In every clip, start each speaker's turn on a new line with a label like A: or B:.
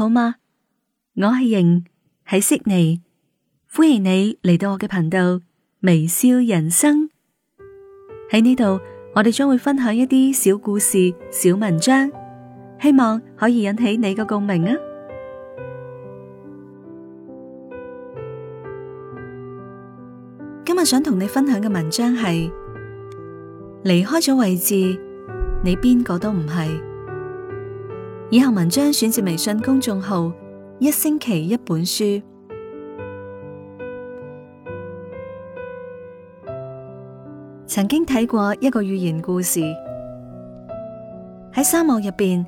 A: 好嗎？我係瑩，喺悉尼，歡迎你嚟到我嘅頻道微笑人生。喺呢度，我哋將會分享一啲小故事、小文章，希望可以引起你嘅共鳴啊！今日想同你分享嘅文章係：離開咗位置，你邊個都唔係。以下文章選自微信公眾號《一星期一本書》。曾經睇過一個寓言故事，喺沙漠入邊，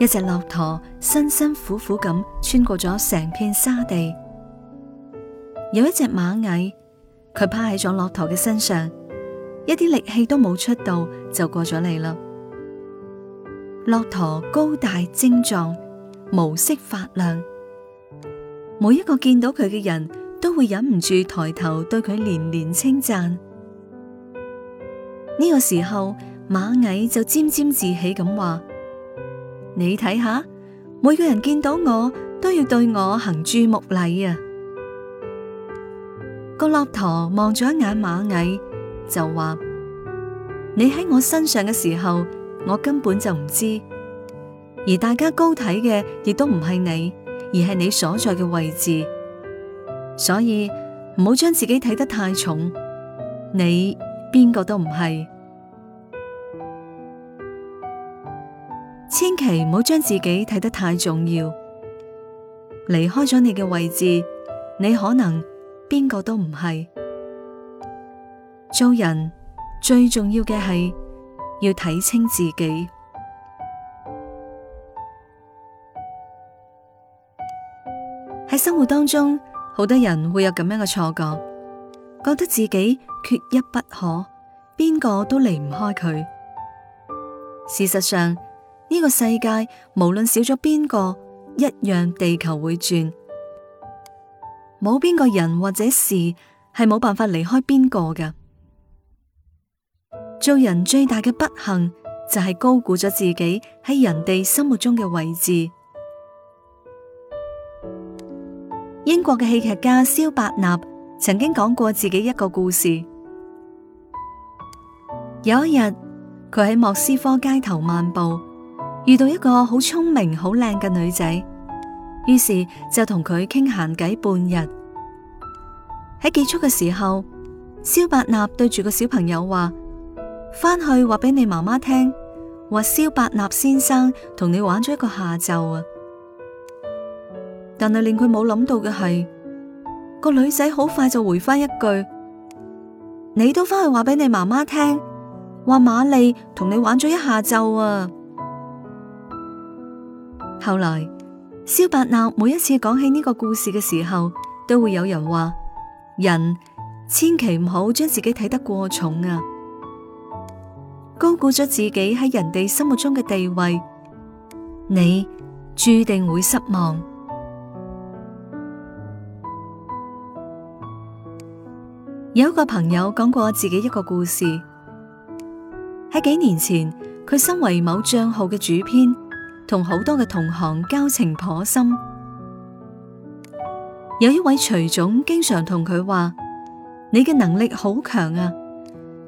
A: 一隻駱駝辛辛苦苦咁穿過咗成片沙地，有一隻螞蟻，佢趴喺咗駱駝嘅身上，一啲力氣都冇出到，就過咗嚟啦。駱駝高大精壯，毛色發亮，每一個見到佢嘅人都會忍唔住抬頭對佢連連稱讚。呢個時候，螞蟻就沾沾自喜咁話：你睇下，每個人見到我都要對我行注目禮啊！個駱駝望咗一眼螞蟻，就話：你喺我身上嘅時候。我根本就唔知，而大家高睇嘅亦都唔係你，而係你所在嘅位置。所以唔好將自己睇得太重，你邊個都唔係，千祈唔好將自己睇得太重要。離開咗你嘅位置，你可能邊個都唔係。做人最重要嘅係。要睇清自己。喺生活當中，好多人會有咁樣嘅錯覺，覺得自己缺一不可，邊個都離唔開佢。事實上，呢個世界無論少咗邊個，一樣地球會轉，冇邊個人或者事係冇辦法離開邊個噶。做人最大嘅不幸就係高估咗自己喺人哋心目中嘅位置。英國嘅戲劇家蕭伯納曾經講過自己一個故事：有一日，佢喺莫斯科街頭漫步，遇到一個好聰明、好靚嘅女仔，於是就同佢傾閒偈半日。喺結束嘅時候，蕭伯納對住個小朋友話：翻去話俾你媽媽聽，話蕭伯納先生同你玩咗一個下晝啊！但係令佢冇諗到嘅係，個女仔好快就回翻一句：「你都翻去話俾你媽媽聽，話瑪麗同你玩咗一下晝啊！」後來蕭伯納每一次講起呢個故事嘅時候，都會有人話：「人千祈唔好將自己睇得過重啊！」高估咗自己喺人哋心目中嘅地位，你注定會失望。有一個朋友講過自己一個故事，喺幾年前，佢身為某賬號嘅主編，同好多嘅同行交情頗深。有一位徐總經常同佢話，你嘅能力好強啊！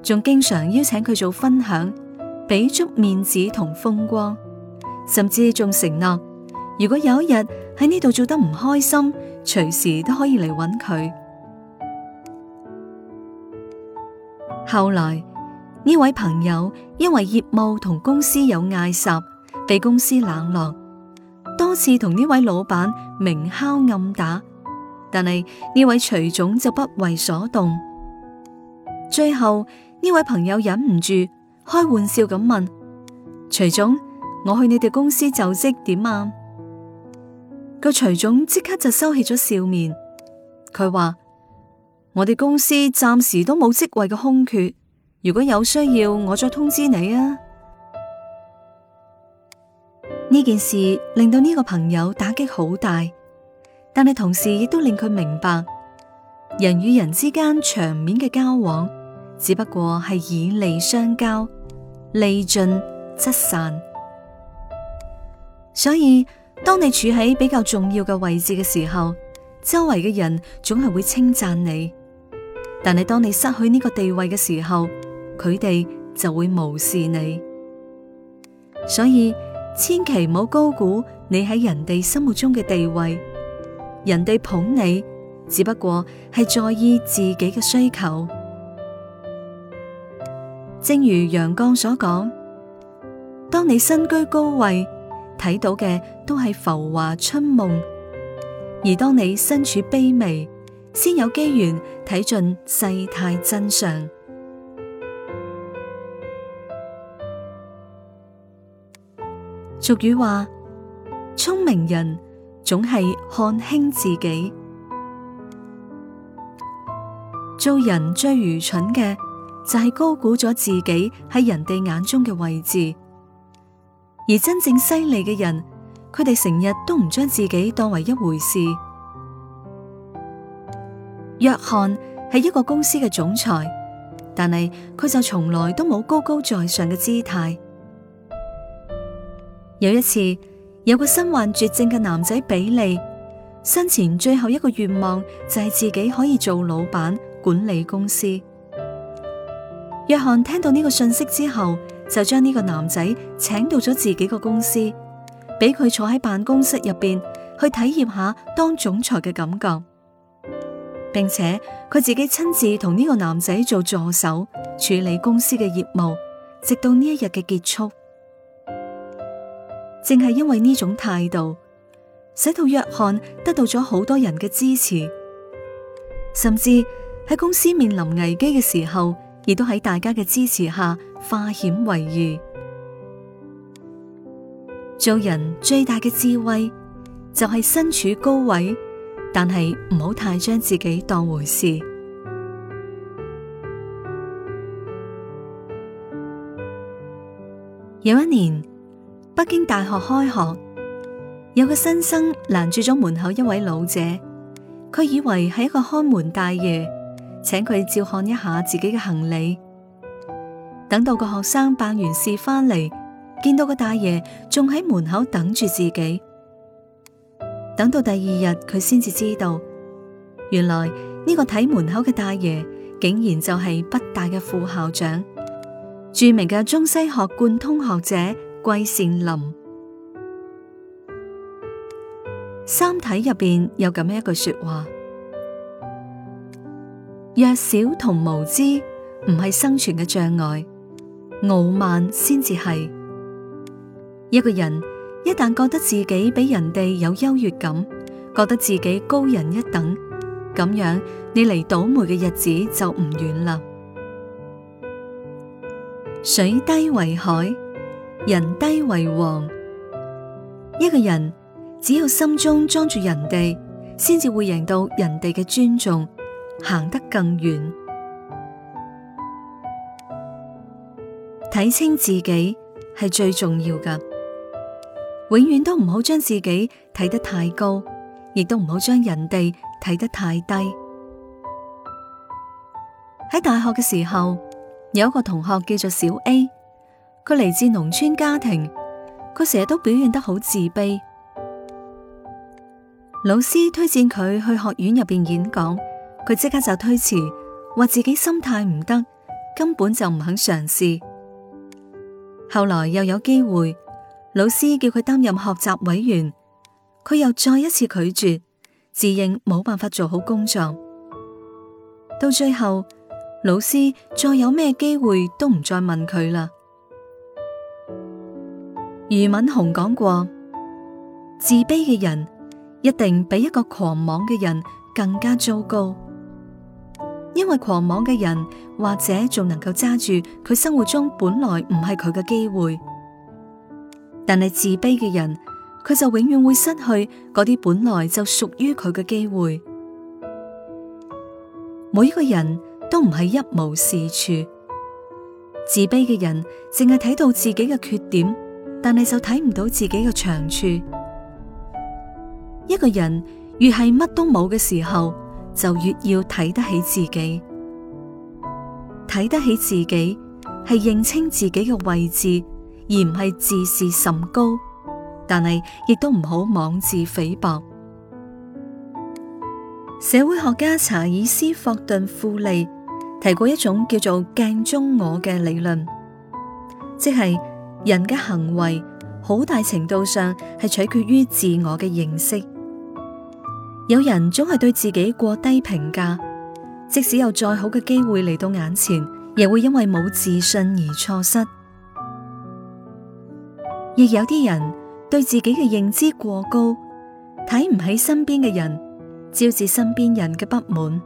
A: 仲經常邀請佢做分享，俾足面子同風光，甚至仲承諾，如果有一日喺呢度做得唔開心，隨時都可以嚟揾佢。後來呢位朋友因為業務同公司有嗌霎，被公司冷落，多次同呢位老闆明敲暗打，但係呢位徐總就不為所動，最後。呢位朋友忍唔住開玩笑咁問徐總，我去你哋公司就職點啊？個徐總即刻就收起咗笑面，佢話：我哋公司暫時都冇職位嘅空缺，如果有需要，我再通知你啊。呢件事令到呢個朋友打擊好大，但係同時亦都令佢明白人與人之間場面嘅交往。只不過係以利相交，利盡則散。所以，當你處喺比較重要嘅位置嘅時候，周圍嘅人總係會稱讚你；但係當你失去呢個地位嘅時候，佢哋就會無視你。所以，千祈唔好高估你喺人哋心目中嘅地位。人哋捧你，只不過係在意自己嘅需求。正如楊絳所講，當你身居高位，睇到嘅都係浮華春夢；而當你身處卑微，先有機緣睇盡世態真相。俗語話：聰明人總係看輕自己，做人最愚蠢嘅，就係高估咗自己喺人哋眼中嘅位置，而真正犀利嘅人，佢哋成日都唔將自己當為一回事。 約翰係一個公司嘅總裁，但係佢就從來都冇高高在上嘅姿態。 有一次，有個身患絕症嘅男仔比利，生前最後一個願望就係自己可以做老闆，管理公司。約翰聽到呢個信息之後，就將呢個男仔請到咗自己個公司，俾佢坐喺辦公室入邊去體驗下當總裁嘅感覺，並且佢自己親自同呢個男仔做助手，處理公司嘅業務，直到呢一日嘅結束。正係因為呢種態度，使到約翰得到咗好多人嘅支持，甚至喺公司面臨危機嘅時候。亦都喺大家嘅支持下，化險為夷。做人最大嘅智慧就係身處高位，但係唔好太將自己當回事。 有一年，北京大學開學，有個新生攔住咗門口一位老者，佢以為係一個看門大爺。請佢照看一下自己嘅行李。等到個學生辦完事翻嚟，見到個大爺仲喺門口等住自己。等到第二日，佢先至知道，原來呢、這個睇門口嘅大爺，竟然就係北大嘅副校長，著名嘅中西學貫通學者季羨林。三體入邊有咁樣一句說話。弱小同無知唔係生存嘅障礙，傲慢先至係。一個人，一旦覺得自己比人哋有優越感，覺得自己高人一等，咁樣你離倒霉嘅日子就唔遠啦。水低為海，人低為王。一個人只要心中裝住人哋，先至會贏到人哋嘅尊重。行得更遠，睇清自己係最重要㗎。永遠都唔好將自己睇得太高，亦都唔好將人哋睇得太低。喺大學嘅時候，有一個同學叫做小 A，佢嚟自農村家庭，佢成日都表現得好自卑。老師推薦佢去學院入邊演講。佢即刻就推辭，話自己心態唔得，根本就唔肯嘗試。後來又有機會，老師叫佢擔任學習委員，佢又再一次拒絕，自認冇辦法做好工作。到最後，老師再有咩機會都唔再問佢啦。俞敏洪講過，自卑嘅人一定比一個狂妄嘅人更加糟糕。因為狂妄嘅人或者仲能夠揸住佢生活中本來唔係佢嘅機會，但係自卑嘅人佢就永遠會失去嗰啲本來就屬於佢嘅機會。每一個人都唔係一無是處，自卑嘅人淨係睇到自己嘅缺點，但係就睇唔到自己嘅長處。一個人越係乜都冇嘅時候。就越要睇得起自己，睇得起自己係認清自己嘅位置，而唔係自視甚高。但係亦都唔好妄自菲薄。社會學家查爾斯霍頓庫利提過一種叫做鏡中我嘅理論，即係人嘅行為好大程度上係取決於自我嘅認識。有人總係對自己過低評價，即使有再好嘅機會嚟到眼前，也會因為冇自信而錯失。亦有啲人對自己嘅認知過高，睇唔起身邊嘅人，招致身邊人嘅不滿。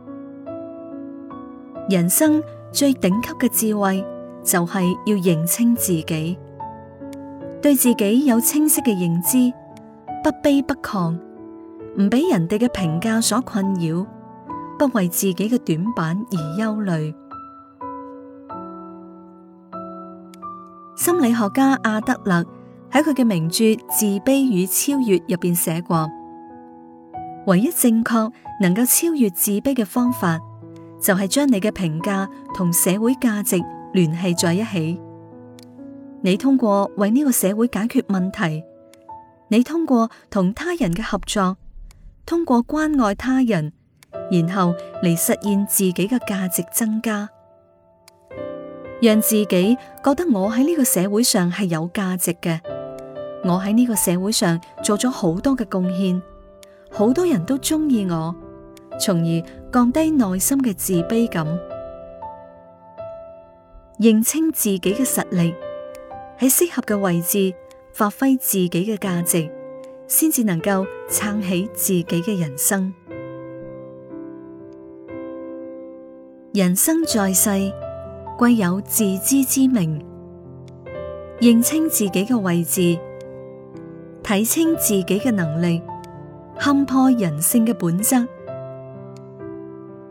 A: 人生最頂級嘅智慧就係要認清自己，對自己有清晰嘅認知，不卑不亢。唔俾人哋嘅評價所困擾，不為自己嘅短板而憂慮。心理學家阿德勒喺佢嘅名著《自卑與超越》入邊寫過，唯一正確能夠超越自卑嘅方法，就係將你嘅評價同社會價值聯繫在一起。你通過為呢個社會解決問題，你通過同他人嘅合作。通過關愛他人，然後嚟實現自己嘅價值增加，讓自己覺得我喺呢個社會上係有價值嘅。我喺呢個社會上做咗好多嘅貢獻，好多人都中意我，從而降低內心嘅自卑感，認清自己嘅實力，喺適合嘅位置發揮自己嘅價值。先至能夠撐起自己嘅人生。人生在世，貴有自知之明，認清自己嘅位置，睇清自己嘅能力，堪破人性嘅本質。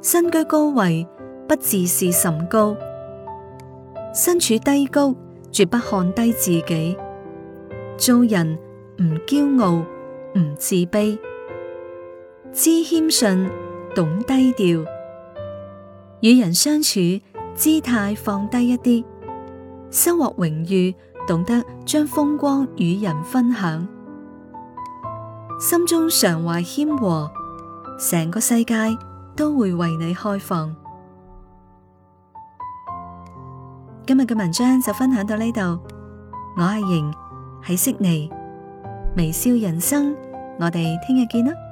A: 身居高位，不自視甚高；身處低谷，絕不看低自己。做人。唔驕傲，唔自卑，知謙遜，懂低調，與人相處姿態放低一啲，收穫榮譽，懂得將風光與人分享，心中常懷謙和，成個世界都會為你開放。今日嘅文章就分享到呢度，我係瑩，喺悉尼。微笑人生，我哋聽日見啦。